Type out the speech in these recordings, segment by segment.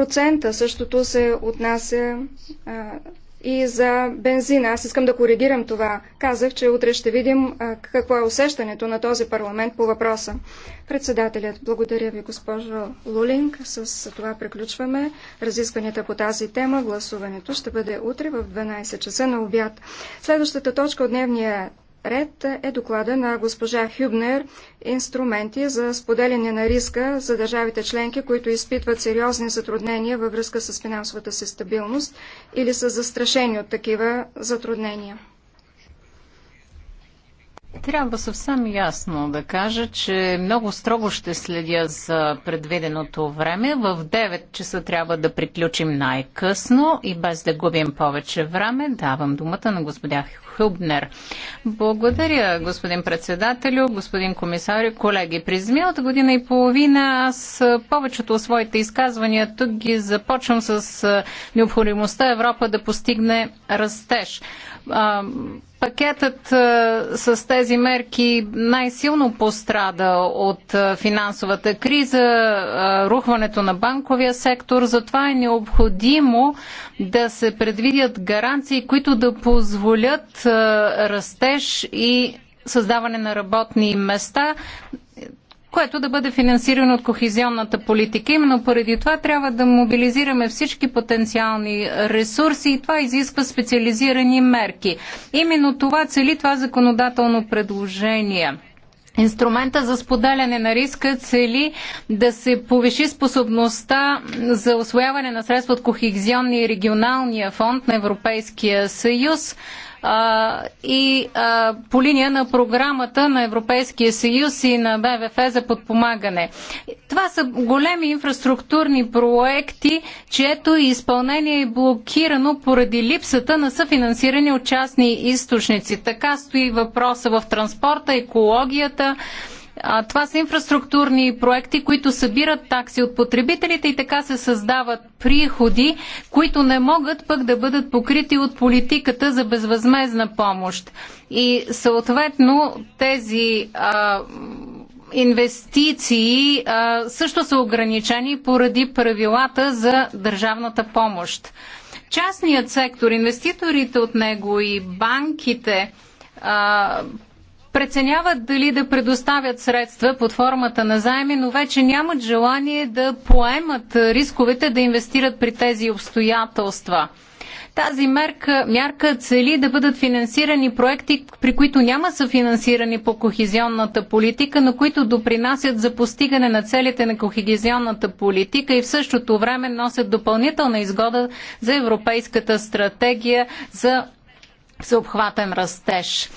процента. Същото се отнася а, и за бензина. Аз искам да коригирам това. Казах, че утре ще видим а, какво е усещането на този парламент по въпроса. Председателят, благодаря ви, госпожо Лулинг. С това приключваме разискванията по тази тема. Гласуването ще бъде утре в 12 часа на обяд. Следващата точка от дневния ред е доклада на госпожа Хюбнер «Инструменти за споделяне на риска за държавите членки, които изпитват сериозни затруднения във връзка с финансовата си стабилност или са застрашени от такива затруднения». Трябва съвсем ясно да кажа, че много строго ще следя за предвиденото време. В 9 часа трябва да приключим най-късно и без да губим повече време, давам думата на господя Хюбнер. Благодаря, господин председателю, господин комисар, колеги. През миналата година и половина аз повечето от своите изказвания тук ги започвам с необходимостта Европа да постигне растеж Пакетът а, е, с тези мерки най-силно пострада от а, е, финансовата криза, а, е, рухването на банковия сектор. Затова е необходимо да се предвидят гаранции, които да позволят растеж и създаване на работни места което да бъде финансирано от кохезионната политика. Именно поради това трябва да мобилизираме всички потенциални ресурси и това изисква специализирани мерки. Именно това цели това законодателно предложение. Инструмента за споделяне на риска цели да се повиши способността за освояване на средства от кохезионния и регионалния фонд на Европейския съюз а, и а, по линия на програмата на Европейския съюз и на БВФ за подпомагане. Това са големи инфраструктурни проекти, чието изпълнение е блокирано поради липсата на съфинансиране от частни източници. Така стои въпроса в транспорта, екологията, а, това са инфраструктурни проекти, които събират такси от потребителите и така се създават приходи, които не могат пък да бъдат покрити от политиката за безвъзмезна помощ. И съответно тези а, инвестиции а, също са ограничени поради правилата за държавната помощ. Частният сектор, инвеститорите от него и банките а, преценяват дали да предоставят средства под формата на заеми, но вече нямат желание да поемат рисковете да инвестират при тези обстоятелства. Тази мерка, мярка цели да бъдат финансирани проекти, при които няма съфинансирани по кохезионната политика, но които допринасят за постигане на целите на кохезионната политика и в същото време носят допълнителна изгода за Европейската стратегия за съобхватен растеж.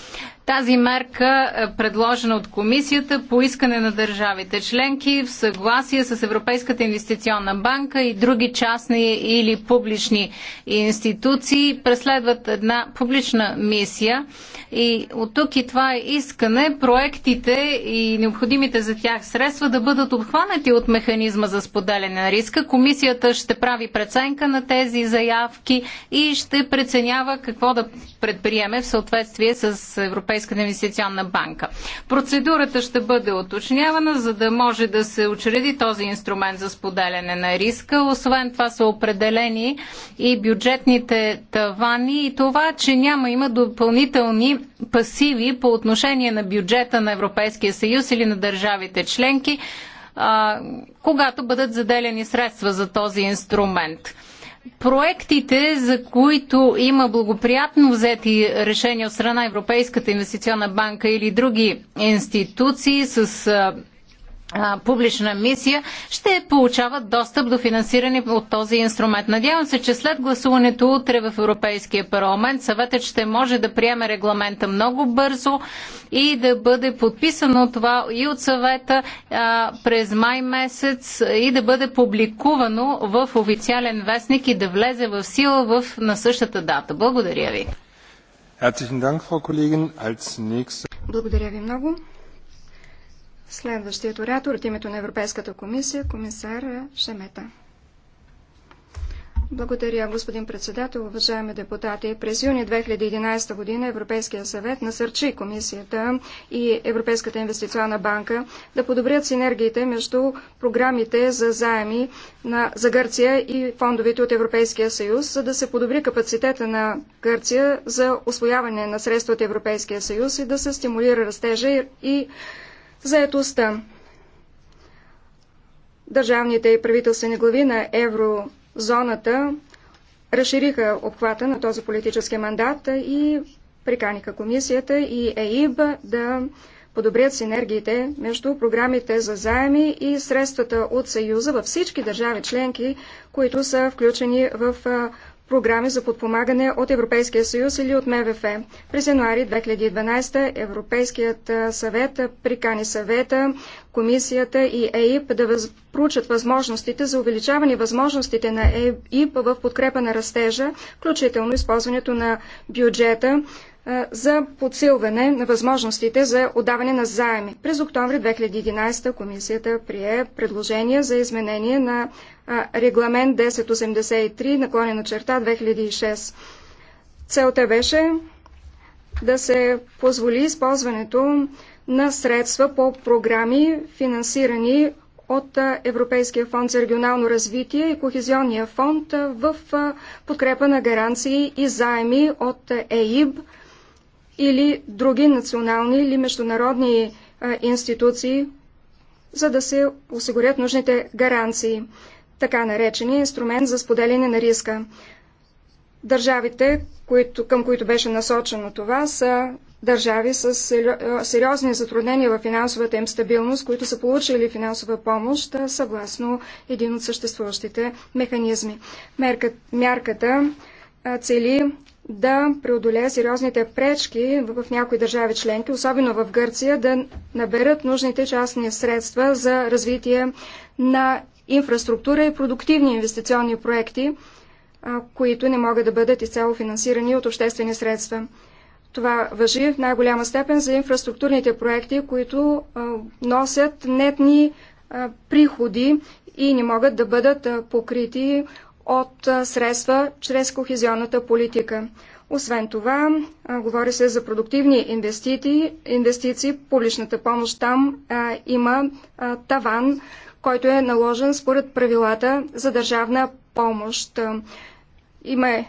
Тази мерка е предложена от комисията по искане на държавите членки в съгласие с Европейската инвестиционна банка и други частни или публични институции преследват една публична мисия и от тук и това е искане проектите и необходимите за тях средства да бъдат обхванати от механизма за споделяне на риска. Комисията ще прави преценка на тези заявки и ще преценява какво да предприеме в съответствие с Европейската Европейската инвестиционна банка. Процедурата ще бъде уточнявана, за да може да се учреди този инструмент за споделяне на риска. Освен това са определени и бюджетните тавани и това, че няма има допълнителни пасиви по отношение на бюджета на Европейския съюз или на държавите членки, а, когато бъдат заделени средства за този инструмент проектите, за които има благоприятно взети решения от страна Европейската инвестиционна банка или други институции с публична мисия, ще получават достъп до финансиране от този инструмент. Надявам се, че след гласуването утре в Европейския парламент съветът ще може да приеме регламента много бързо и да бъде подписано това и от съвета а, през май месец и да бъде публикувано в официален вестник и да влезе в сила в, на същата дата. Благодаря ви. Благодаря ви много. Следващият оратор от името на Европейската комисия, комисар Шемета. Благодаря, господин председател, уважаеми депутати. През юни 2011 година Европейския съвет насърчи комисията и Европейската инвестиционна банка да подобрят синергиите между програмите за заеми на, за Гърция и фондовете от Европейския съюз, за да се подобри капацитета на Гърция за освояване на средства от Европейския съюз и да се стимулира растежа и Заетостта. Държавните и правителствени глави на еврозоната разшириха обхвата на този политически мандат и приканиха комисията и ЕИБ да подобрят синергиите между програмите за заеми и средствата от Съюза във всички държави членки, които са включени в програми за подпомагане от Европейския съюз или от МВФ. През януари 2012 Европейският съвет прикани съвета, комисията и ЕИП да въз... проучат възможностите за увеличаване възможностите на ЕИП в подкрепа на растежа, включително използването на бюджета е, за подсилване на възможностите за отдаване на заеми. През октомври 2011 комисията прие предложение за изменение на е, регламент 1083 наклонена черта 2006. Целта беше да се позволи използването на средства по програми, финансирани от е, Европейския фонд за регионално развитие и Кохезионния фонд в подкрепа на гаранции и заеми от ЕИБ – или други национални или международни институции, за да се осигурят нужните гаранции, така наречени инструмент за споделяне на риска. Държавите, които, към които беше насочено това, са държави с сериозни затруднения в финансовата им стабилност, които са получили финансова помощ съгласно един от съществуващите механизми. Мерката, мярката цели да преодолее сериозните пречки в някои държави членки, особено в Гърция, да наберат нужните частни средства за развитие на инфраструктура и продуктивни инвестиционни проекти, които не могат да бъдат изцяло финансирани от обществени средства. Това въжи в най-голяма степен за инфраструктурните проекти, които носят нетни приходи и не могат да бъдат покрити от средства чрез кохезионната политика. Освен това, говори се за продуктивни инвестиции, инвестиции публичната помощ там а, има а, таван, който е наложен според правилата за държавна помощ. Има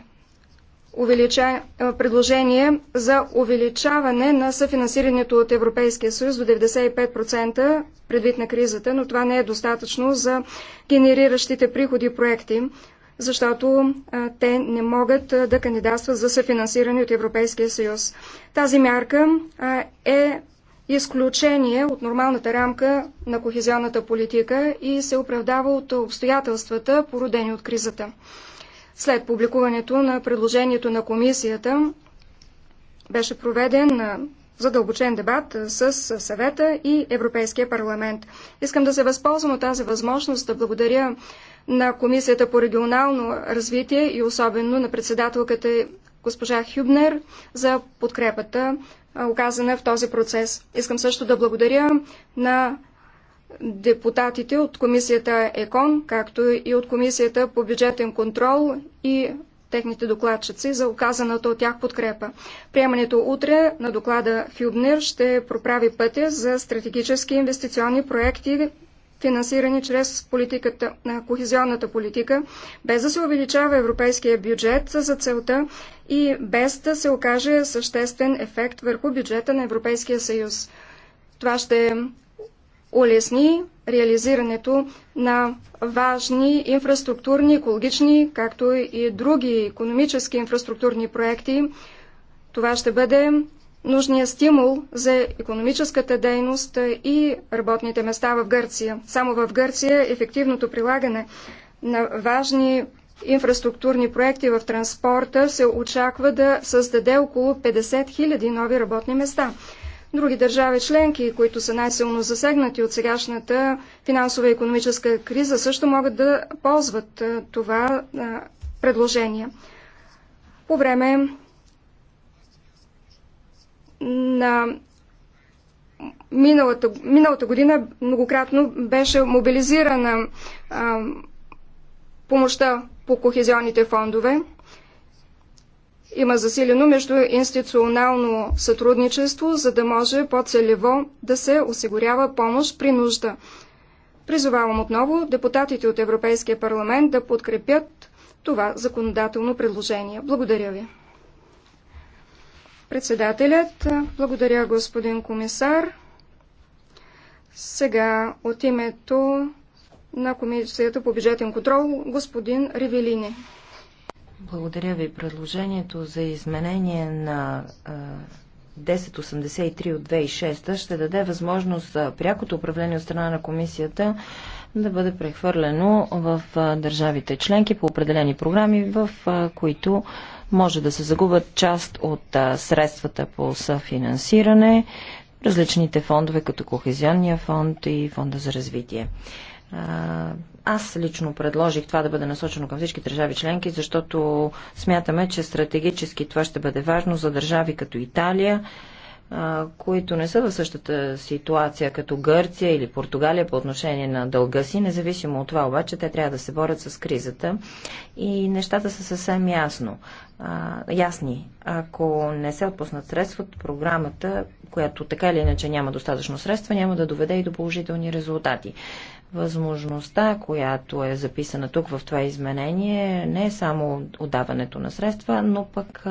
увелича... предложение за увеличаване на съфинансирането от Европейския съюз до 95% предвид на кризата, но това не е достатъчно за генериращите приходи проекти защото те не могат да кандидатстват за съфинансиране от Европейския съюз. Тази мярка е изключение от нормалната рамка на кохезионната политика и се оправдава от обстоятелствата, породени от кризата. След публикуването на предложението на комисията беше проведен задълбочен дебат с съвета и Европейския парламент. Искам да се възползвам от тази възможност да благодаря на Комисията по регионално развитие и особено на председателката госпожа Хюбнер за подкрепата, оказана в този процес. Искам също да благодаря на депутатите от комисията ЕКОН, както и от комисията по бюджетен контрол и техните докладчици за оказаната от тях подкрепа. Приемането утре на доклада Хюбнер ще проправи пътя за стратегически инвестиционни проекти финансирани чрез политиката, на кохезионната политика, без да се увеличава европейския бюджет за целта и без да се окаже съществен ефект върху бюджета на Европейския съюз. Това ще улесни реализирането на важни инфраструктурни, екологични, както и други економически инфраструктурни проекти. Това ще бъде нужния стимул за економическата дейност и работните места в Гърция. Само в Гърция ефективното прилагане на важни инфраструктурни проекти в транспорта се очаква да създаде около 50 000 нови работни места. Други държави членки, които са най-силно засегнати от сегашната финансова и економическа криза, също могат да ползват това предложение. По време на миналата, миналата година многократно беше мобилизирана а, помощта по кохезионните фондове. Има засилено междуинституционално сътрудничество, за да може по-целево да се осигурява помощ при нужда. Призовавам отново депутатите от Европейския парламент да подкрепят това законодателно предложение. Благодаря ви. Председателят, благодаря господин комисар. Сега от името на Комисията по бюджетен контрол господин Ревелини. Благодаря ви. Предложението за изменение на 1083 от 2006 ще даде възможност за прякото управление от страна на комисията да бъде прехвърлено в държавите членки по определени програми, в които може да се загубят част от а, средствата по съфинансиране, различните фондове, като Кохезионния фонд и Фонда за развитие. А, аз лично предложих това да бъде насочено към всички държави членки, защото смятаме, че стратегически това ще бъде важно за държави като Италия, които не са в същата ситуация като Гърция или Португалия по отношение на дълга си. Независимо от това обаче, те трябва да се борят с кризата и нещата са съвсем ясно а, ясни. Ако не се отпуснат средства от програмата, която така или иначе няма достатъчно средства, няма да доведе и до положителни резултати. Възможността, която е записана тук в това изменение, не е само отдаването на средства, но пък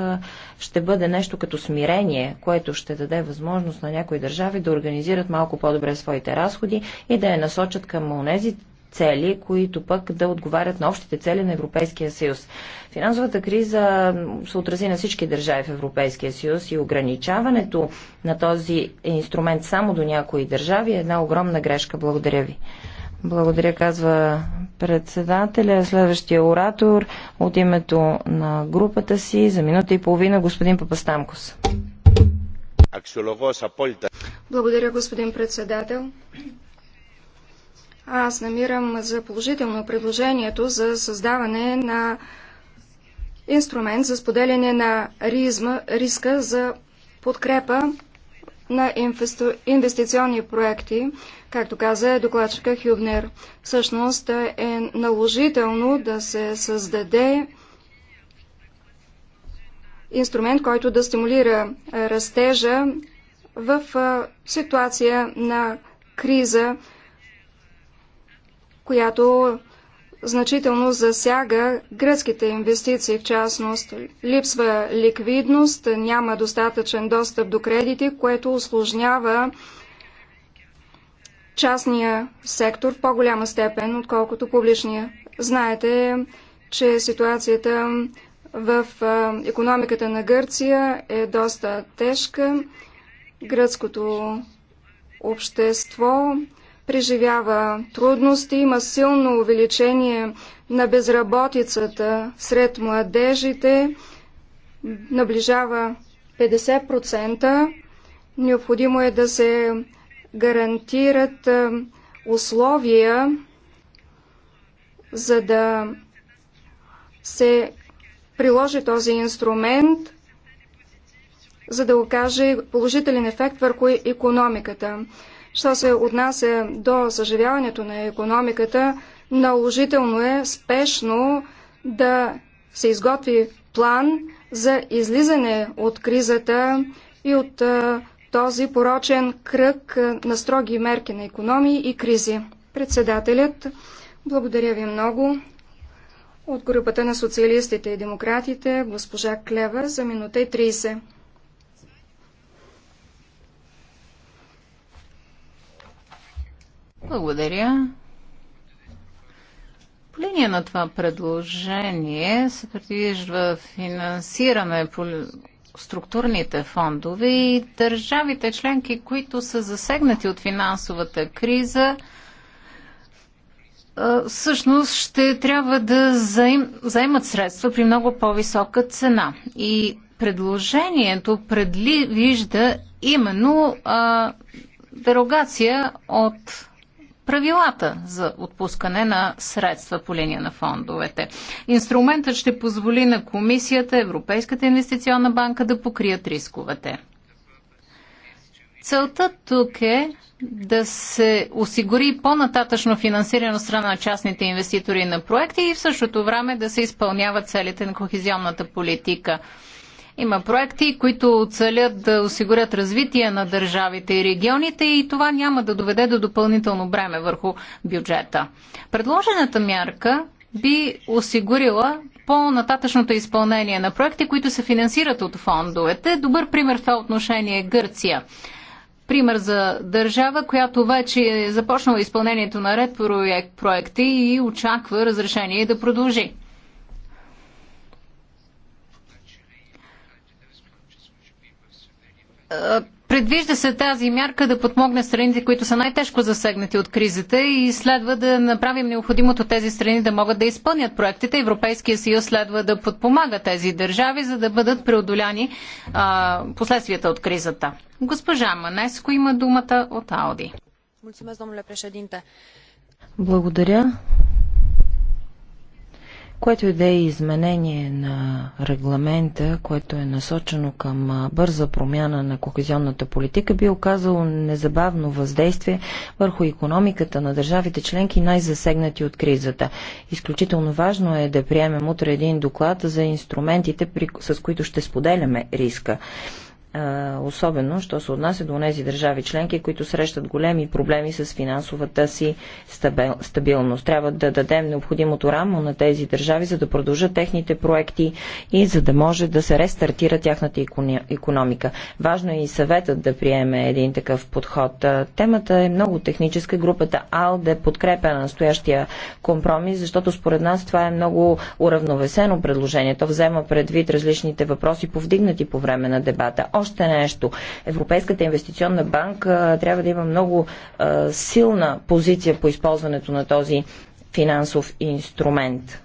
ще бъде нещо като смирение, което ще даде възможност на някои държави да организират малко по-добре своите разходи и да я насочат към тези цели, които пък да отговарят на общите цели на Европейския съюз. Финансовата криза се отрази на всички държави в Европейския съюз и ограничаването на този инструмент само до някои държави е една огромна грешка. Благодаря ви. Благодаря, казва председателя. Следващия оратор от името на групата си за минута и половина господин Папастамкос. Благодаря, господин председател. Аз намирам за положително предложението за създаване на инструмент за споделяне на ризма, риска за подкрепа на инвестиционни проекти, както каза докладчика Хюбнер. Всъщност е наложително да се създаде инструмент, който да стимулира растежа в ситуация на криза, която значително засяга гръцките инвестиции, в частност липсва ликвидност, няма достатъчен достъп до кредити, което осложнява частния сектор в по-голяма степен, отколкото публичния. Знаете, че ситуацията в економиката на Гърция е доста тежка. Гръцкото общество преживява трудности, има силно увеличение на безработицата сред младежите, наближава 50%. Необходимо е да се гарантират условия, за да се приложи този инструмент, за да окаже положителен ефект върху економиката. Що се отнася до съживяването на економиката, наложително е спешно да се изготви план за излизане от кризата и от този порочен кръг на строги мерки на економии и кризи. Председателят, благодаря ви много. От групата на социалистите и демократите, госпожа Клева за минута и 30. Благодаря. По линия на това предложение се предвижда финансиране по структурните фондове и държавите членки, които са засегнати от финансовата криза, всъщност ще трябва да заемат средства при много по-висока цена. И предложението предвижда именно а, дерогация от правилата за отпускане на средства по линия на фондовете. Инструментът ще позволи на комисията, Европейската инвестиционна банка да покрият рисковете. Целта тук е да се осигури по-нататъчно финансиране от страна на частните инвеститори на проекти и в същото време да се изпълняват целите на кохезионната политика. Има проекти, които целят да осигурят развитие на държавите и регионите и това няма да доведе до допълнително бреме върху бюджета. Предложената мярка би осигурила по-нататъчното изпълнение на проекти, които се финансират от фондовете. Добър пример в това отношение е Гърция. Пример за държава, която вече е започнала изпълнението на ред проекти и очаква разрешение да продължи. Предвижда се тази мярка да подмогне страните, които са най-тежко засегнати от кризата и следва да направим необходимото тези страни да могат да изпълнят проектите. Европейския съюз следва да подпомага тези държави, за да бъдат преодоляни а, последствията от кризата. Госпожа Манеско има думата от Ауди. Благодаря. Което и да е изменение на регламента, което е насочено към бърза промяна на кохезионната политика, би оказало незабавно въздействие върху економиката на държавите членки, най-засегнати от кризата. Изключително важно е да приемем утре един доклад за инструментите, с които ще споделяме риска особено, що се отнася до тези държави членки, които срещат големи проблеми с финансовата си стабилност. Трябва да дадем необходимото рамо на тези държави, за да продължат техните проекти и за да може да се рестартира тяхната економика. Важно е и съветът да приеме един такъв подход. Темата е много техническа. Групата АЛДЕ подкрепя на настоящия компромис, защото според нас това е много уравновесено предложение. То взема предвид различните въпроси, повдигнати по време на дебата още нещо. Европейската инвестиционна банка трябва да има много силна позиция по използването на този финансов инструмент.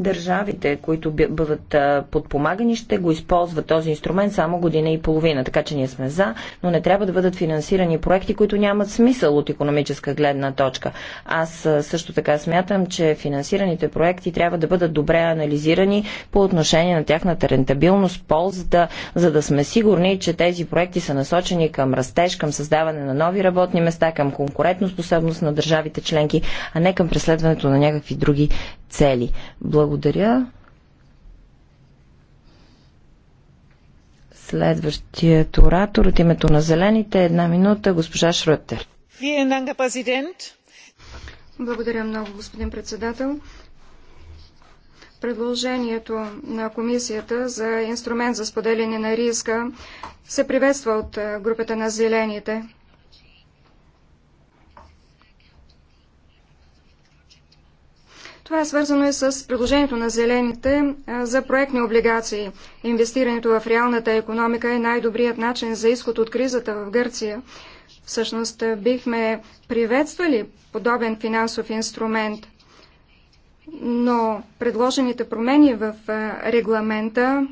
Държавите, които бъдат подпомагани, ще го използват този инструмент само година и половина. Така че ние сме за, но не трябва да бъдат финансирани проекти, които нямат смисъл от економическа гледна точка. Аз също така смятам, че финансираните проекти трябва да бъдат добре анализирани по отношение на тяхната рентабилност, ползата, за да сме сигурни, че тези проекти са насочени към растеж, към създаване на нови работни места, към конкурентоспособност на държавите членки, а не към преследването на някакви други цели. Благодаря. Следващият оратор от името на Зелените една минута, госпожа Шрътер. Благодаря много, господин председател. Предложението на комисията за инструмент за споделяне на риска се приветства от групата на зелените. Това е свързано и с предложението на зелените за проектни облигации. Инвестирането в реалната економика е най-добрият начин за изход от кризата в Гърция. Всъщност бихме приветствали подобен финансов инструмент, но предложените промени в регламента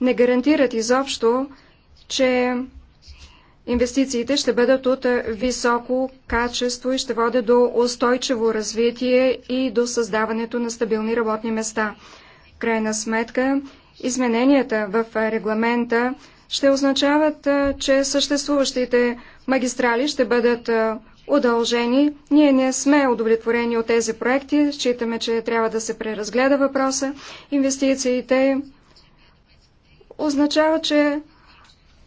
не гарантират изобщо, че Инвестициите ще бъдат от високо качество и ще водят до устойчиво развитие и до създаването на стабилни работни места. В крайна сметка, измененията в регламента ще означават, че съществуващите магистрали ще бъдат удължени. Ние не сме удовлетворени от тези проекти. Считаме, че трябва да се преразгледа въпроса. Инвестициите означава, че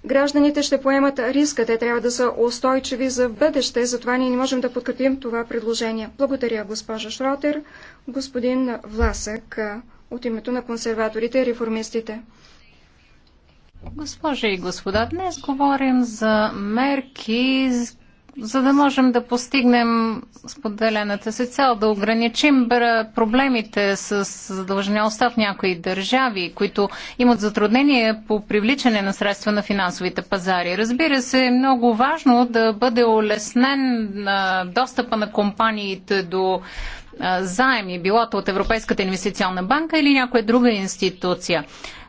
Гражданите ще поемат риска, те трябва да са устойчиви за бъдеще, затова ние не можем да подкрепим това предложение. Благодаря, госпожа Шротер, господин Власък от името на консерваторите и реформистите. Госпожи и господа, днес говорим за мерки, за да можем да постигнем споделената си цел, да ограничим проблемите с задължеността в някои държави, които имат затруднение по привличане на средства на финансовите пазари. Разбира се, е много важно да бъде улеснен на достъпа на компаниите до заеми, билото от Европейската инвестиционна банка или някоя друга институция.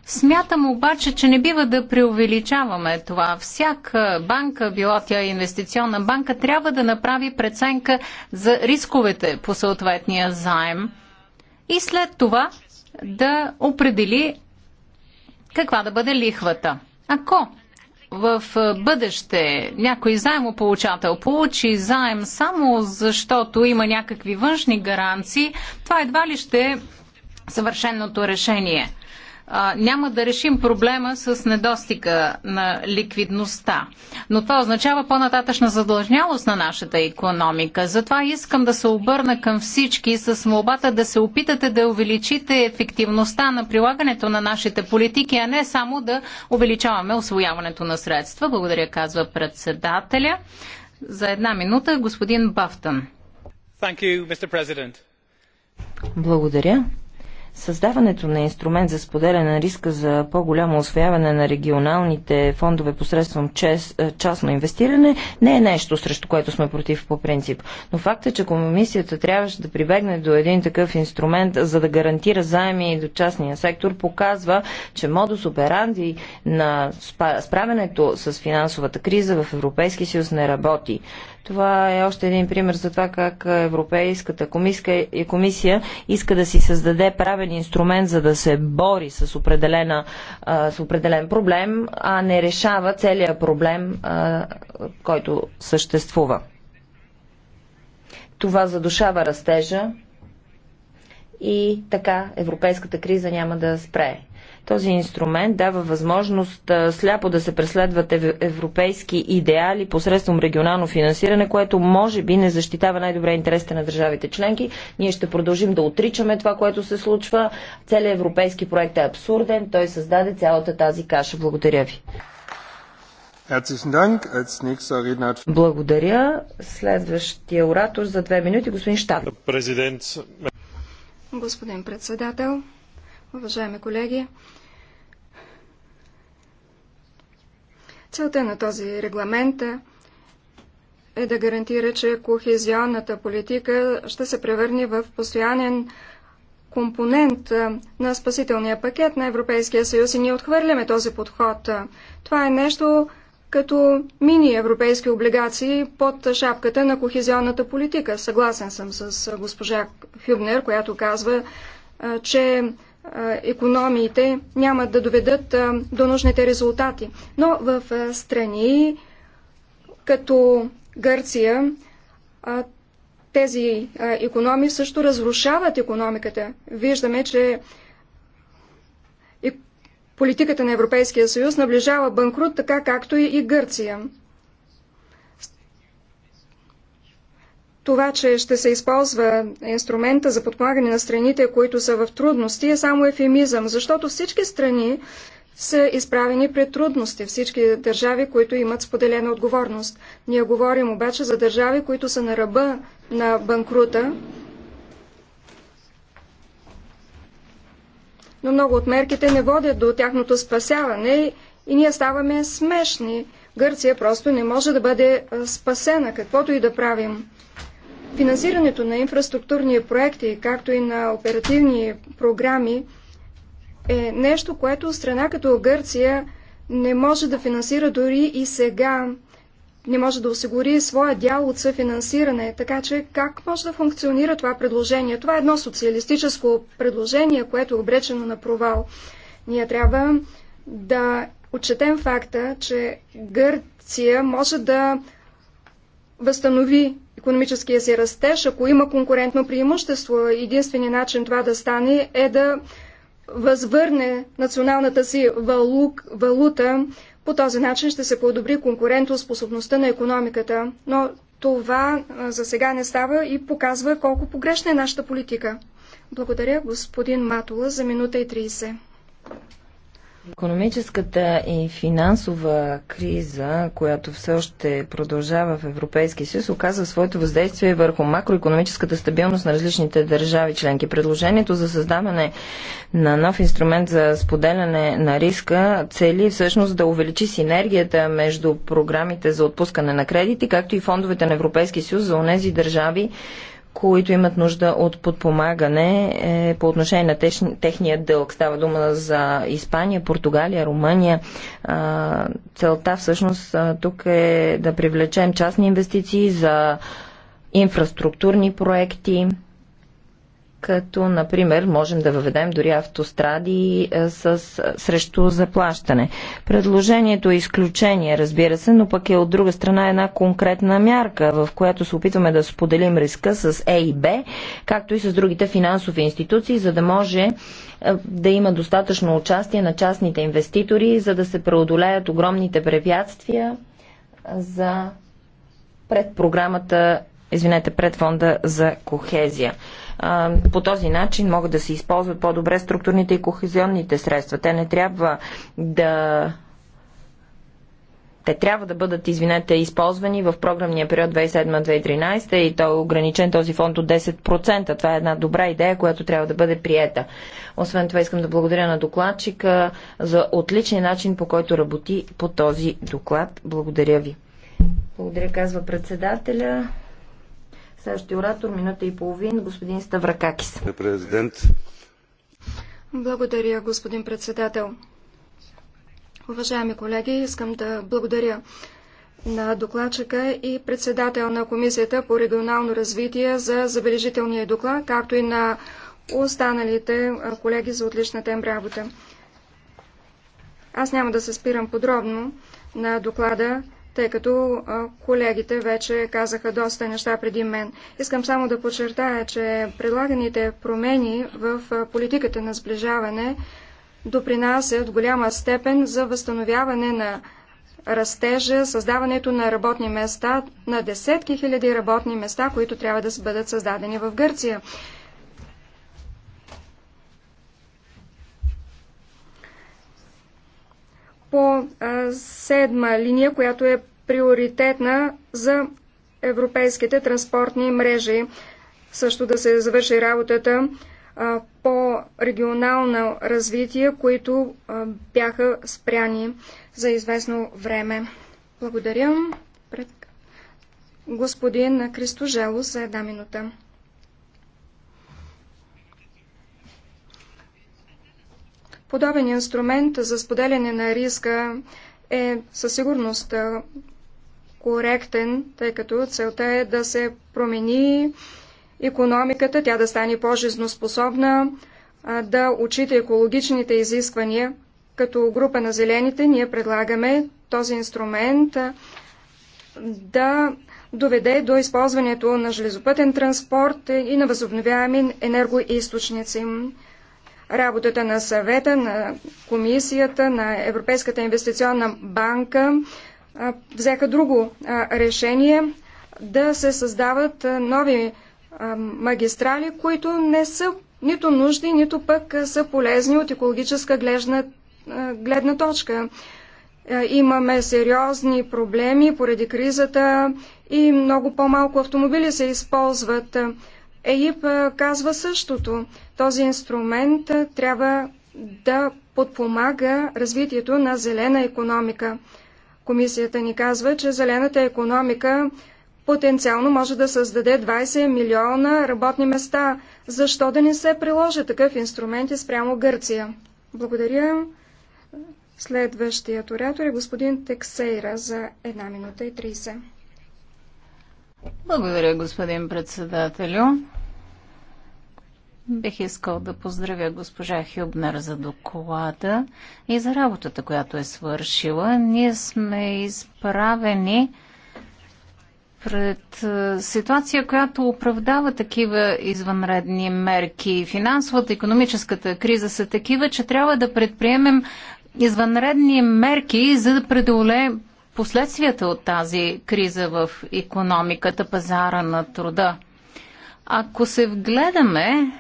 Смятам обаче, че не бива да преувеличаваме това. Всяка банка, било тя инвестиционна банка, трябва да направи преценка за рисковете по съответния заем и след това да определи каква да бъде лихвата. Ако в бъдеще някой заемополучател получи заем само защото има някакви външни гаранции, това едва ли ще е съвършеното решение – а, няма да решим проблема с недостига на ликвидността. Но това означава по-нататъчна задължнялост на нашата економика. Затова искам да се обърна към всички с молбата да се опитате да увеличите ефективността на прилагането на нашите политики, а не само да увеличаваме освояването на средства. Благодаря, казва председателя. За една минута господин Бафтън. Благодаря. Създаването на инструмент за споделяне на риска за по-голямо освояване на регионалните фондове посредством чест, е, частно инвестиране не е нещо, срещу което сме против по принцип. Но факта, е, че комисията трябваше да прибегне до един такъв инструмент, за да гарантира заеми до частния сектор, показва, че модус операнди на справянето с финансовата криза в Европейския съюз не работи. Това е още един пример за това как Европейската комисия, комисия иска да си създаде правен инструмент, за да се бори с, определена, с определен проблем, а не решава целия проблем, който съществува. Това задушава растежа и така европейската криза няма да спре. Този инструмент дава възможност сляпо да се преследват европейски идеали посредством регионално финансиране, което може би не защитава най-добре интересите на държавите членки. Ние ще продължим да отричаме това, което се случва. Целият европейски проект е абсурден. Той създаде цялата тази каша. Благодаря ви. Благодаря. Следващия оратор за две минути, господин Штат. Господин председател, Уважаеми колеги, целта на този регламент е да гарантира, че кохезионната политика ще се превърне в постоянен компонент на спасителния пакет на Европейския съюз и ние отхвърляме този подход. Това е нещо като мини европейски облигации под шапката на кохезионната политика. Съгласен съм с госпожа Хюбнер, която казва, че економиите няма да доведат до нужните резултати. Но в страни като Гърция тези економии също разрушават економиката. Виждаме, че политиката на Европейския съюз наближава банкрут, така както и Гърция. Това, че ще се използва инструмента за подпомагане на страните, които са в трудности, е само ефемизъм, защото всички страни са изправени пред трудности, всички държави, които имат споделена отговорност. Ние говорим обаче за държави, които са на ръба на банкрута, но много от мерките не водят до тяхното спасяване и ние ставаме смешни. Гърция просто не може да бъде спасена, каквото и да правим. Финансирането на инфраструктурни проекти, както и на оперативни програми, е нещо, което страна като Гърция не може да финансира дори и сега. Не може да осигури своя дял от съфинансиране. Така че как може да функционира това предложение? Това е едно социалистическо предложение, което е обречено на провал. Ние трябва да отчетем факта, че Гърция може да възстанови економическия си растеж, ако има конкурентно преимущество, единственият начин това да стане е да възвърне националната си валук, валута. По този начин ще се подобри конкурентоспособността на економиката. Но това за сега не става и показва колко погрешна е нашата политика. Благодаря господин Матула за минута и 30. Економическата и финансова криза, която все още продължава в Европейския съюз, оказва своето въздействие върху макроекономическата стабилност на различните държави членки. Предложението за създаване на нов инструмент за споделяне на риска цели всъщност да увеличи синергията между програмите за отпускане на кредити, както и фондовете на Европейския съюз за онези държави, които имат нужда от подпомагане е, по отношение на теш, техния дълг. Става дума за Испания, Португалия, Румъния. А, целта всъщност а, тук е да привлечем частни инвестиции за инфраструктурни проекти като, например, можем да въведем дори автостради е, с, срещу заплащане. Предложението е изключение, разбира се, но пък е от друга страна една конкретна мярка, в която се опитваме да споделим риска с Е и Б, както и с другите финансови институции, за да може е, да има достатъчно участие на частните инвеститори, за да се преодолеят огромните препятствия за пред програмата, извинете, пред фонда за кохезия. По този начин могат да се използват по-добре структурните и кохезионните средства. Те не трябва да те трябва да бъдат, извинете, използвани в програмния период 2007-2013 и то е ограничен този фонд от 10%. Това е една добра идея, която трябва да бъде приета. Освен това искам да благодаря на докладчика за отличния начин, по който работи по този доклад. Благодаря ви. Благодаря, казва председателя. Следващия оратор, минута и половин, господин Ставракакис. Президент. Благодаря, господин председател. Уважаеми колеги, искам да благодаря на докладчика и председател на Комисията по регионално развитие за забележителния доклад, както и на останалите колеги за отличната им работа. Аз няма да се спирам подробно на доклада, тъй като колегите вече казаха доста неща преди мен. Искам само да подчертая, че предлаганите промени в политиката на сближаване допринасят в голяма степен за възстановяване на растежа, създаването на работни места, на десетки хиляди работни места, които трябва да бъдат създадени в Гърция. по седма линия, която е приоритетна за европейските транспортни мрежи. Също да се завърши работата по регионално развитие, които бяха спряни за известно време. Благодаря. Пред господин Кристо Жело за една минута. Подобен инструмент за споделяне на риска е със сигурност коректен, тъй като целта е да се промени економиката, тя да стане по-жизноспособна, да учите екологичните изисквания. Като група на зелените ние предлагаме този инструмент да доведе до използването на железопътен транспорт и на възобновяеми енергоисточници работата на съвета, на комисията, на Европейската инвестиционна банка взеха друго решение да се създават нови магистрали, които не са нито нужди, нито пък са полезни от екологическа гледна, гледна точка. Имаме сериозни проблеми поради кризата и много по-малко автомобили се използват. ЕИП казва същото. Този инструмент трябва да подпомага развитието на зелена економика. Комисията ни казва, че зелената економика потенциално може да създаде 20 милиона работни места. Защо да не се приложи такъв инструмент и спрямо Гърция? Благодаря. Следващият оратор е господин Тексейра за една минута и 30. Благодаря, господин председателю. Бих искал да поздравя госпожа Хюбнер за доклада и за работата, която е свършила. Ние сме изправени пред е, ситуация, която оправдава такива извънредни мерки. Финансовата, економическата криза са такива, че трябва да предприемем извънредни мерки, за да преодолеем последствията от тази криза в економиката, пазара на труда. Ако се вгледаме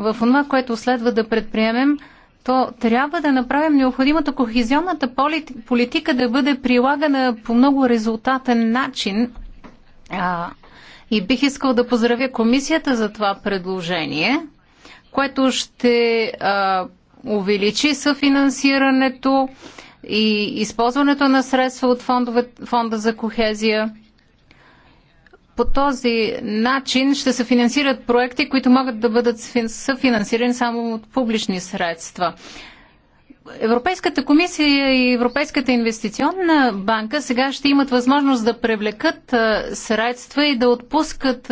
в това, което следва да предприемем, то трябва да направим необходимата кохезионната политика да бъде прилагана по много резултатен начин. А, и бих искал да поздравя комисията за това предложение, което ще а, увеличи съфинансирането и използването на средства от фондове, фонда за кохезия по този начин ще се финансират проекти, които могат да бъдат съфинансирани само от публични средства. Европейската комисия и Европейската инвестиционна банка сега ще имат възможност да привлекат средства и да отпускат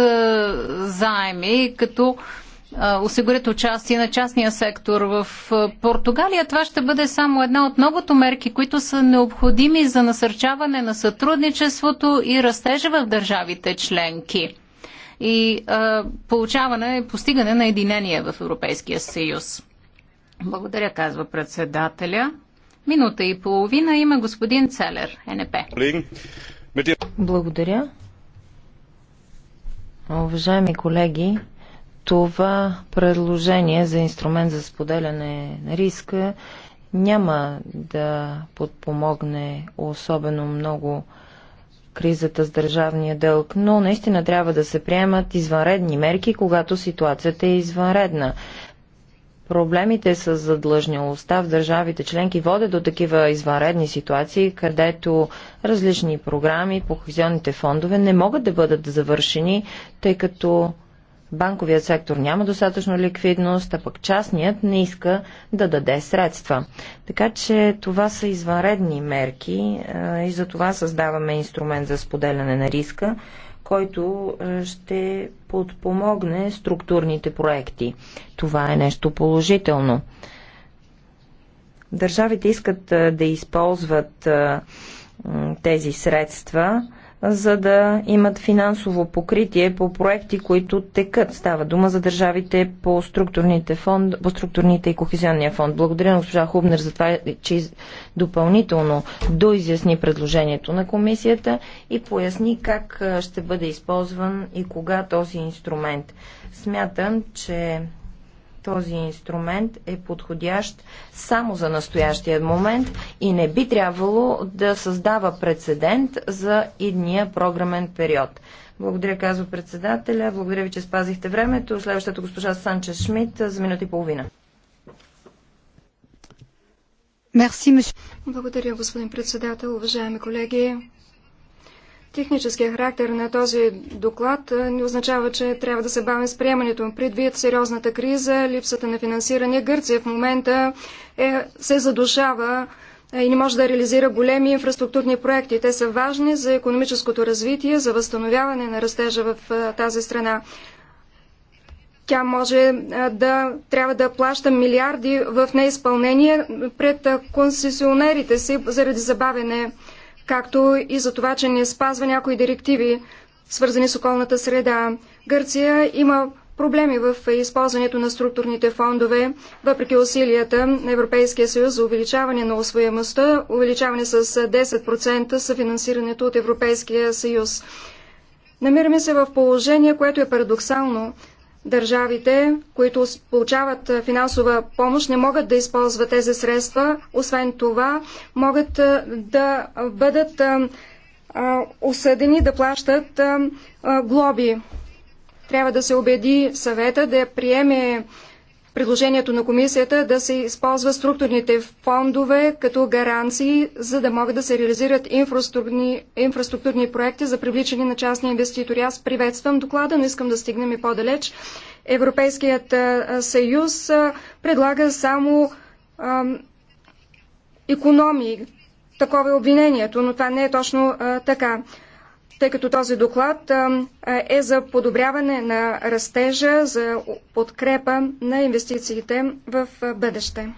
заеми, като осигурят участие на частния сектор в Португалия. Това ще бъде само една от многото мерки, които са необходими за насърчаване на сътрудничеството и растежа в държавите членки и а, получаване, постигане на единение в Европейския съюз. Благодаря, казва председателя. Минута и половина има господин Целер, НП. Благодаря. Уважаеми колеги, това предложение за инструмент за споделяне на риска няма да подпомогне особено много кризата с държавния дълг, но наистина трябва да се приемат извънредни мерки, когато ситуацията е извънредна. Проблемите с задлъжнялостта в държавите членки водят до такива извънредни ситуации, където различни програми по хозионните фондове не могат да бъдат завършени, тъй като банковият сектор няма достатъчно ликвидност, а пък частният не иска да даде средства. Така че това са извънредни мерки и за това създаваме инструмент за споделяне на риска, който ще подпомогне структурните проекти. Това е нещо положително. Държавите искат да използват тези средства за да имат финансово покритие по проекти, които текат. Става дума за държавите по структурните, фонд, по структурните и кохезионния фонд. Благодаря на госпожа Хубнер за това, че допълнително доизясни предложението на комисията и поясни как ще бъде използван и кога този инструмент. Смятам, че този инструмент е подходящ само за настоящия момент и не би трябвало да създава прецедент за идния програмен период. Благодаря, казва председателя. Благодаря ви, че спазихте времето. Следващата госпожа Санче Шмидт за минути и половина. Благодаря, господин председател. Уважаеми колеги, Техническия характер на този доклад не означава, че трябва да се бавим с приемането. Предвид сериозната криза, липсата на финансиране, Гърция в момента е, се задушава и не може да реализира големи инфраструктурни проекти. Те са важни за економическото развитие, за възстановяване на растежа в тази страна. Тя може да трябва да плаща милиарди в неизпълнение пред консесионерите си заради забавене както и за това, че не спазва някои директиви, свързани с околната среда. Гърция има проблеми в използването на структурните фондове, въпреки усилията на Европейския съюз за увеличаване на освоемостта, увеличаване с 10% съфинансирането от Европейския съюз. Намираме се в положение, което е парадоксално, държавите, които получават финансова помощ, не могат да използват тези средства. Освен това, могат да бъдат осъдени да плащат глоби. Трябва да се убеди съвета да приеме предложението на комисията е да се използва структурните фондове като гаранции, за да могат да се реализират инфраструктурни, инфраструктурни проекти за привличане на частни инвеститори. Аз приветствам доклада, но искам да стигнем и по-далеч. Европейският съюз предлага само ам, економии. Такова е обвинението, но това не е точно а, така тъй като този доклад е за подобряване на растежа, за подкрепа на инвестициите в бъдеще.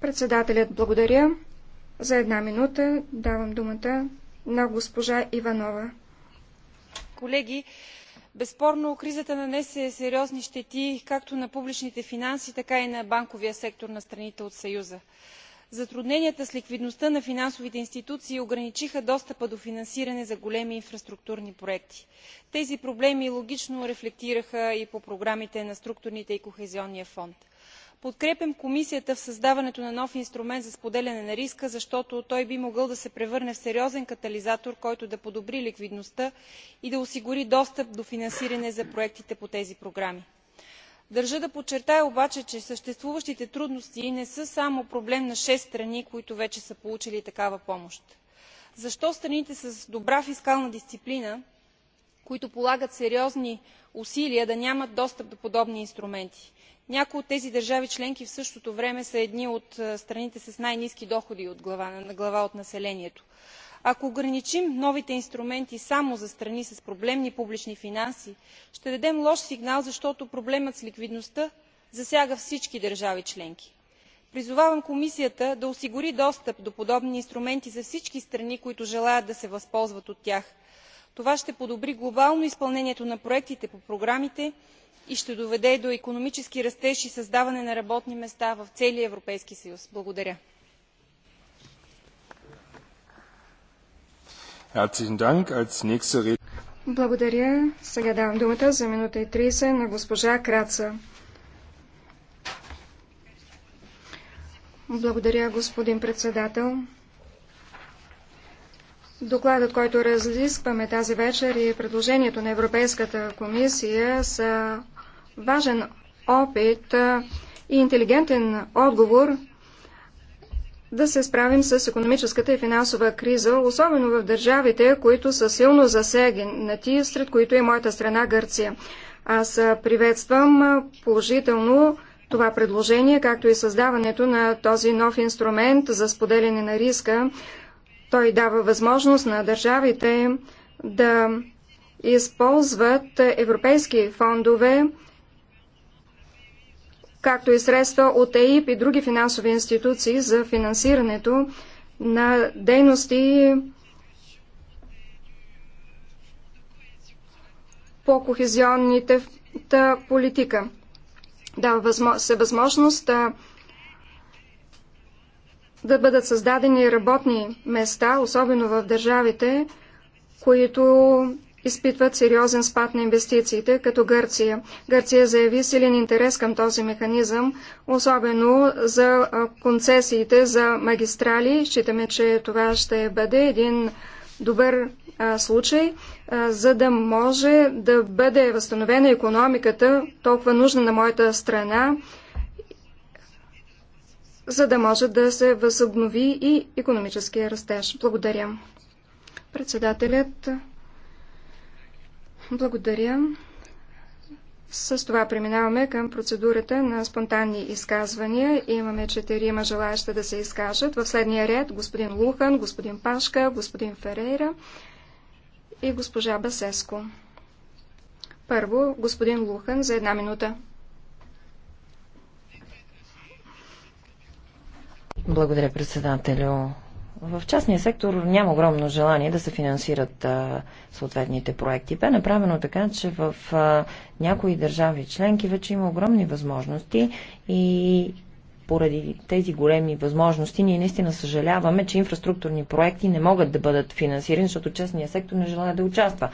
Председателят благодаря. За една минута давам думата на госпожа Иванова. Колеги, безспорно кризата нанесе сериозни щети както на публичните финанси, така и на банковия сектор на страните от Съюза затрудненията с ликвидността на финансовите институции ограничиха достъпа до финансиране за големи инфраструктурни проекти. тези проблеми логично рефлектираха и по програмите на структурните и кохезионния фонд. подкрепям комисията в създаването на нов инструмент за споделяне на риска защото той би могъл да се превърне в сериозен катализатор който да подобри ликвидността и да осигури достъп до финансиране за проектите по тези програми държа да подчертая обаче че съществуващите трудности не са само проблем на шест страни които вече са получили такава помощ. защо страните с добра фискална дисциплина които полагат сериозни усилия да нямат достъп до подобни инструменти? някои от тези държави членки в същото време са едни от страните с най ниски доходи на глава от населението ако ограничим новите инструменти само за страни с проблемни публични финанси ще дадем лош сигнал защото проблемът с ликвидността засяга всички държави членки. призовавам комисията да осигури достъп до подобни инструменти за всички страни които желаят да се възползват от тях. това ще подобри глобално изпълнението на проектите по програмите и ще доведе до икономически растеж и създаване на работни места в целия европейски съюз. благодаря. Благодаря. Сега давам думата за минута и 30 на госпожа Краца. Благодаря, господин председател. Докладът, който разискваме тази вечер и предложението на Европейската комисия са важен опит и интелигентен отговор да се справим с економическата и финансова криза, особено в държавите, които са силно засегнати, сред които е моята страна Гърция. Аз приветствам положително това предложение, както и създаването на този нов инструмент за споделяне на риска. Той дава възможност на държавите да използват европейски фондове, както и средства от ЕИП и други финансови институции за финансирането на дейности по кохезионните политика. Дава се възможност да бъдат създадени работни места, особено в държавите, които изпитват сериозен спад на инвестициите, като Гърция. Гърция заяви силен интерес към този механизъм, особено за концесиите за магистрали. Считаме, че това ще бъде един добър а, случай, а, за да може да бъде възстановена економиката, толкова нужна на моята страна, за да може да се възобнови и економическия растеж. Благодаря. Председателят благодаря. С това преминаваме към процедурата на спонтанни изказвания. Имаме четирима желаяща да се изкажат. В следния ред господин Лухан, господин Пашка, господин Ферейра и госпожа Басеско. Първо, господин Лухан за една минута. Благодаря, председателю. В частния сектор няма огромно желание да се финансират а, съответните проекти. Бе направено така, че в а, някои държави членки вече има огромни възможности и поради тези големи възможности ние наистина съжаляваме, че инфраструктурни проекти не могат да бъдат финансирани, защото частният сектор не желая да участва.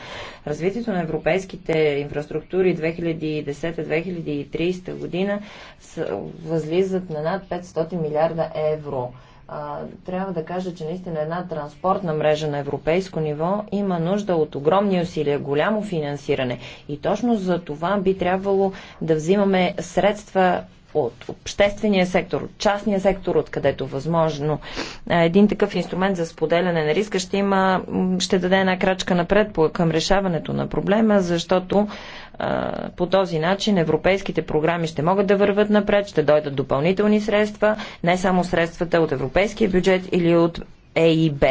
Развитието на европейските инфраструктури 2010-2030 година възлизат на над 500 милиарда евро. А трябва да кажа, че наистина една транспортна мрежа на европейско ниво има нужда от огромни усилия, голямо финансиране. И точно за това би трябвало да взимаме средства от обществения сектор, от частния сектор, откъдето възможно. Един такъв инструмент за споделяне на риска ще, има, ще даде една крачка напред към решаването на проблема, защото по този начин европейските програми ще могат да върват напред, ще дойдат допълнителни средства, не само средствата от европейския бюджет или от ЕИБ.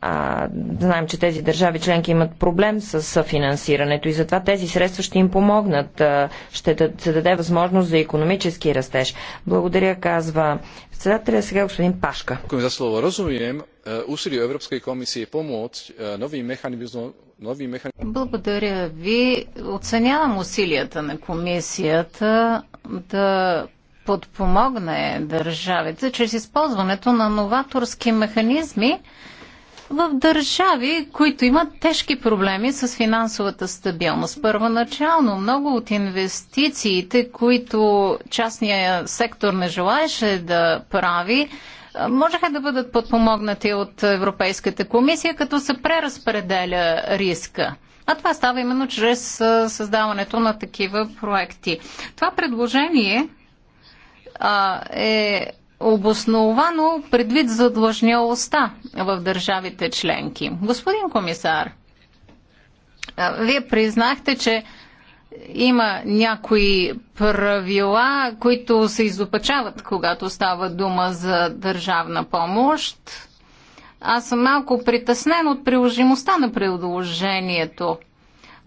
А, знаем, че тези държави членки имат проблем с финансирането и затова тези средства ще им помогнат. Ще се даде възможност за економически растеж. Благодаря, казва председателя сега господин Пашка. за слово. Разумием усилие Европейской комисии помощ нови механизми. Благодаря ви. Оценявам усилията на комисията да подпомогне държавите чрез използването на новаторски механизми, в държави, които имат тежки проблеми с финансовата стабилност. Първоначално много от инвестициите, които частния сектор не желаеше да прави, можеха да бъдат подпомогнати от Европейската комисия, като се преразпределя риска. А това става именно чрез създаването на такива проекти. Това предложение а, е обосновано предвид задлъжнялостта в държавите членки. Господин комисар, вие признахте, че има някои правила, които се изопачават, когато става дума за държавна помощ. Аз съм малко притеснен от приложимостта на предложението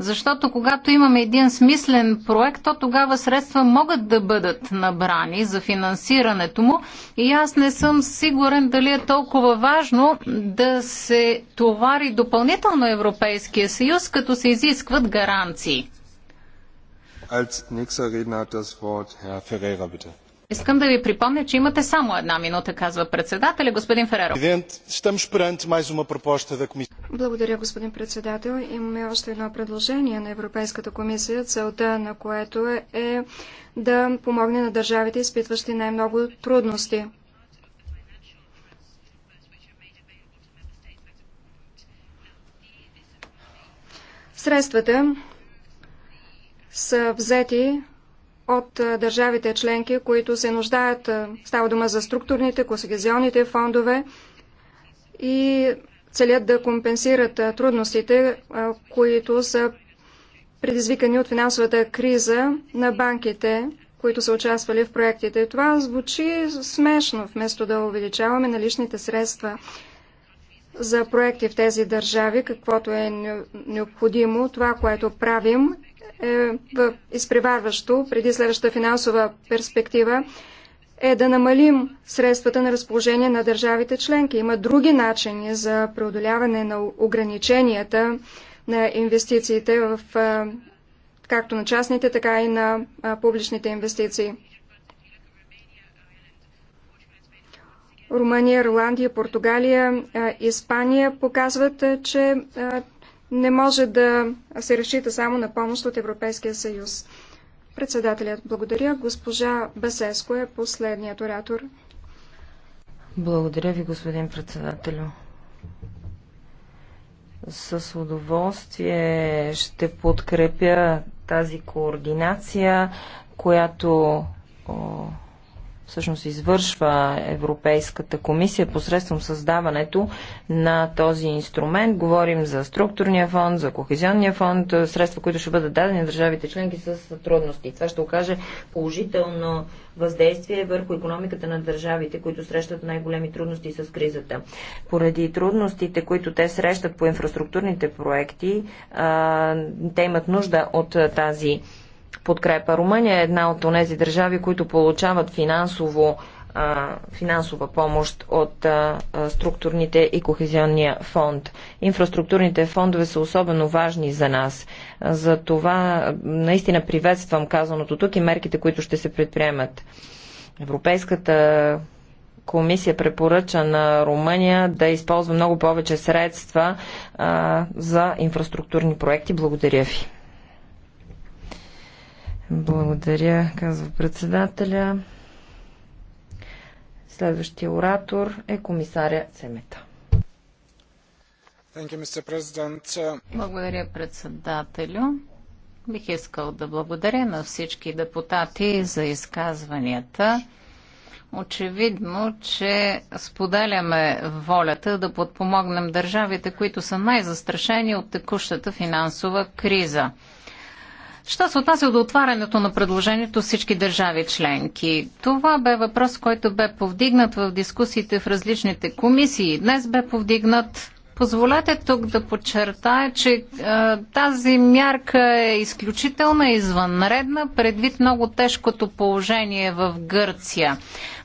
защото когато имаме един смислен проект, то тогава средства могат да бъдат набрани за финансирането му и аз не съм сигурен дали е толкова важно да се товари допълнително Европейския съюз, като се изискват гаранции. Als nächster Redner hat das Wort Herr Ferreira, bitte. Искам да ви припомня, че имате само една минута, казва председателя господин Фереро. Благодаря, господин председател. Имаме още едно предложение на Европейската комисия, целта на което е да помогне на държавите, изпитващи най-много трудности. Средствата са взети от държавите членки, които се нуждаят, става дума за структурните, косегезионните фондове и целят да компенсират трудностите, които са предизвикани от финансовата криза на банките, които са участвали в проектите. Това звучи смешно, вместо да увеличаваме наличните средства за проекти в тези държави, каквото е необходимо. Това, което правим, е изпреварващо преди следващата финансова перспектива е да намалим средствата на разположение на държавите членки. Има други начини за преодоляване на ограниченията на инвестициите в е, както на частните, така и на е, публичните инвестиции. Румъния, Ирландия, Португалия, е, Испания показват, че не може да се решите само на помощ от Европейския съюз. Председателят благодаря. Госпожа Басеско е последният оратор. Благодаря ви, господин председателю. С удоволствие ще подкрепя тази координация, която всъщност извършва Европейската комисия посредством създаването на този инструмент. Говорим за структурния фонд, за кохезионния фонд, е, средства, които ще бъдат дадени на държавите членки с трудности. Това ще окаже положително въздействие върху економиката на държавите, които срещат най-големи трудности с кризата. Поради трудностите, които те срещат по инфраструктурните проекти, те имат нужда от тази подкрепа. Румъния е една от тези държави, които получават финансово финансова помощ от структурните и кохезионния фонд. Инфраструктурните фондове са особено важни за нас. За това наистина приветствам казаното тук и мерките, които ще се предприемат. Европейската комисия препоръча на Румъния да използва много повече средства а, за инфраструктурни проекти. Благодаря ви. Благодаря, казва председателя. Следващия оратор е комисаря Семета. You, Благодаря, председателю. Бих искал да благодаря на всички депутати за изказванията. Очевидно, че споделяме волята да подпомогнем държавите, които са най-застрашени от текущата финансова криза. Що се отнася до отварянето на предложението всички държави членки? Това бе въпрос, който бе повдигнат в дискусиите в различните комисии. Днес бе повдигнат Позволете тук да подчертая, че а, тази мярка е изключителна, извънредна, предвид много тежкото положение в Гърция.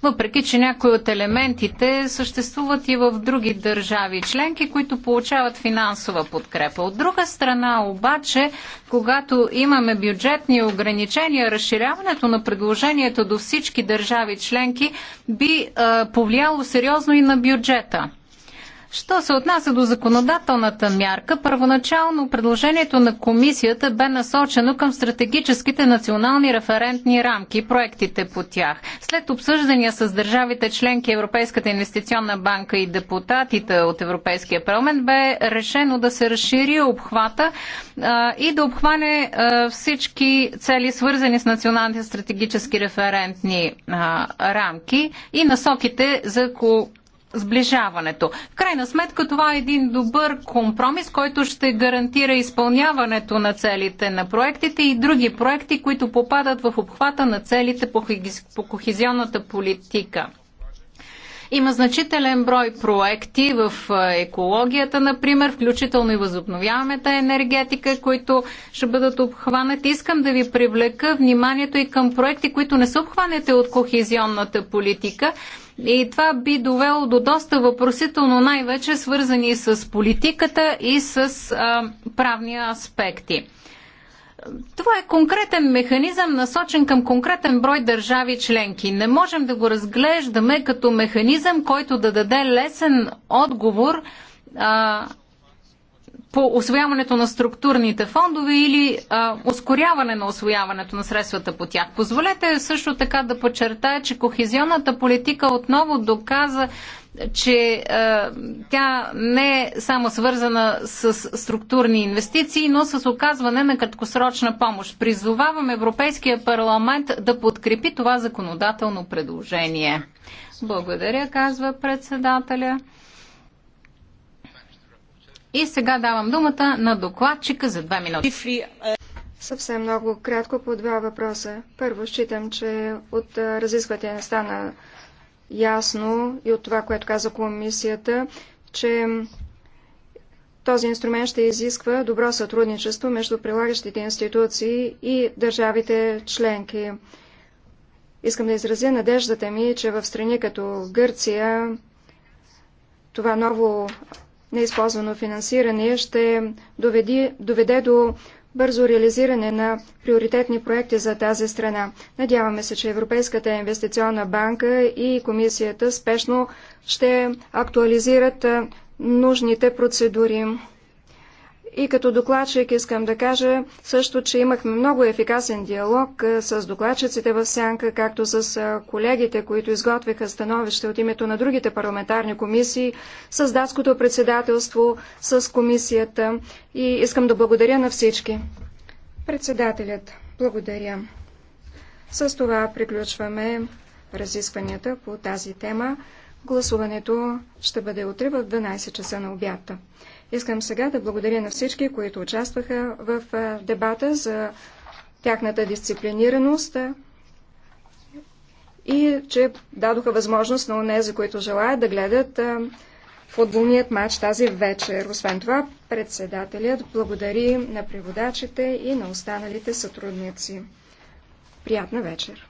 Въпреки, че някои от елементите съществуват и в други държави членки, които получават финансова подкрепа. От друга страна обаче, когато имаме бюджетни ограничения, разширяването на предложението до всички държави членки би а, повлияло сериозно и на бюджета. Що се отнася до законодателната мярка, първоначално предложението на комисията бе насочено към стратегическите национални референтни рамки и проектите по тях. След обсъждания с държавите членки Европейската инвестиционна банка и депутатите от Европейския парламент бе решено да се разшири обхвата а, и да обхване а, всички цели, свързани с националните стратегически референтни а, рамки и насоките за ко сближаването. В крайна сметка това е един добър компромис, който ще гарантира изпълняването на целите на проектите и други проекти, които попадат в обхвата на целите по кохизионната политика. Има значителен брой проекти в екологията, например, включително и възобновяемата енергетика, които ще бъдат обхванати. Искам да ви привлека вниманието и към проекти, които не са обхванати от кохизионната политика, и това би довело до доста въпросително, най-вече свързани с политиката и с а, правния аспекти. Това е конкретен механизъм, насочен към конкретен брой държави членки. Не можем да го разглеждаме като механизъм, който да даде лесен отговор а, по освояването на структурните фондове или а, ускоряване на освояването на средствата по тях. Позволете също така да подчертая, че кохезионната политика отново доказа, че а, тя не е само свързана с структурни инвестиции, но с оказване на краткосрочна помощ. Призовавам Европейския парламент да подкрепи това законодателно предложение. Благодаря, казва председателя. И сега давам думата на докладчика за два минути. Съвсем много кратко по два въпроса. Първо, считам, че от разисквате не стана ясно и от това, което каза комисията, че този инструмент ще изисква добро сътрудничество между прилагащите институции и държавите членки. Искам да изразя надеждата ми, че в страни като Гърция това ново неизползвано финансиране ще доведи, доведе до бързо реализиране на приоритетни проекти за тази страна. Надяваме се, че Европейската инвестиционна банка и комисията спешно ще актуализират нужните процедури. И като докладчик искам да кажа също, че имахме много ефикасен диалог с докладчиците в Сянка, както с колегите, които изготвиха становище от името на другите парламентарни комисии, с датското председателство, с комисията. И искам да благодаря на всички. Председателят, благодаря. С това приключваме разискванията по тази тема. Гласуването ще бъде утре в 12 часа на обята. Искам сега да благодаря на всички, които участваха в дебата за тяхната дисциплинираност и че дадоха възможност на унези, които желаят да гледат футболният матч тази вечер. Освен това, председателят благодари на преводачите и на останалите сътрудници. Приятна вечер!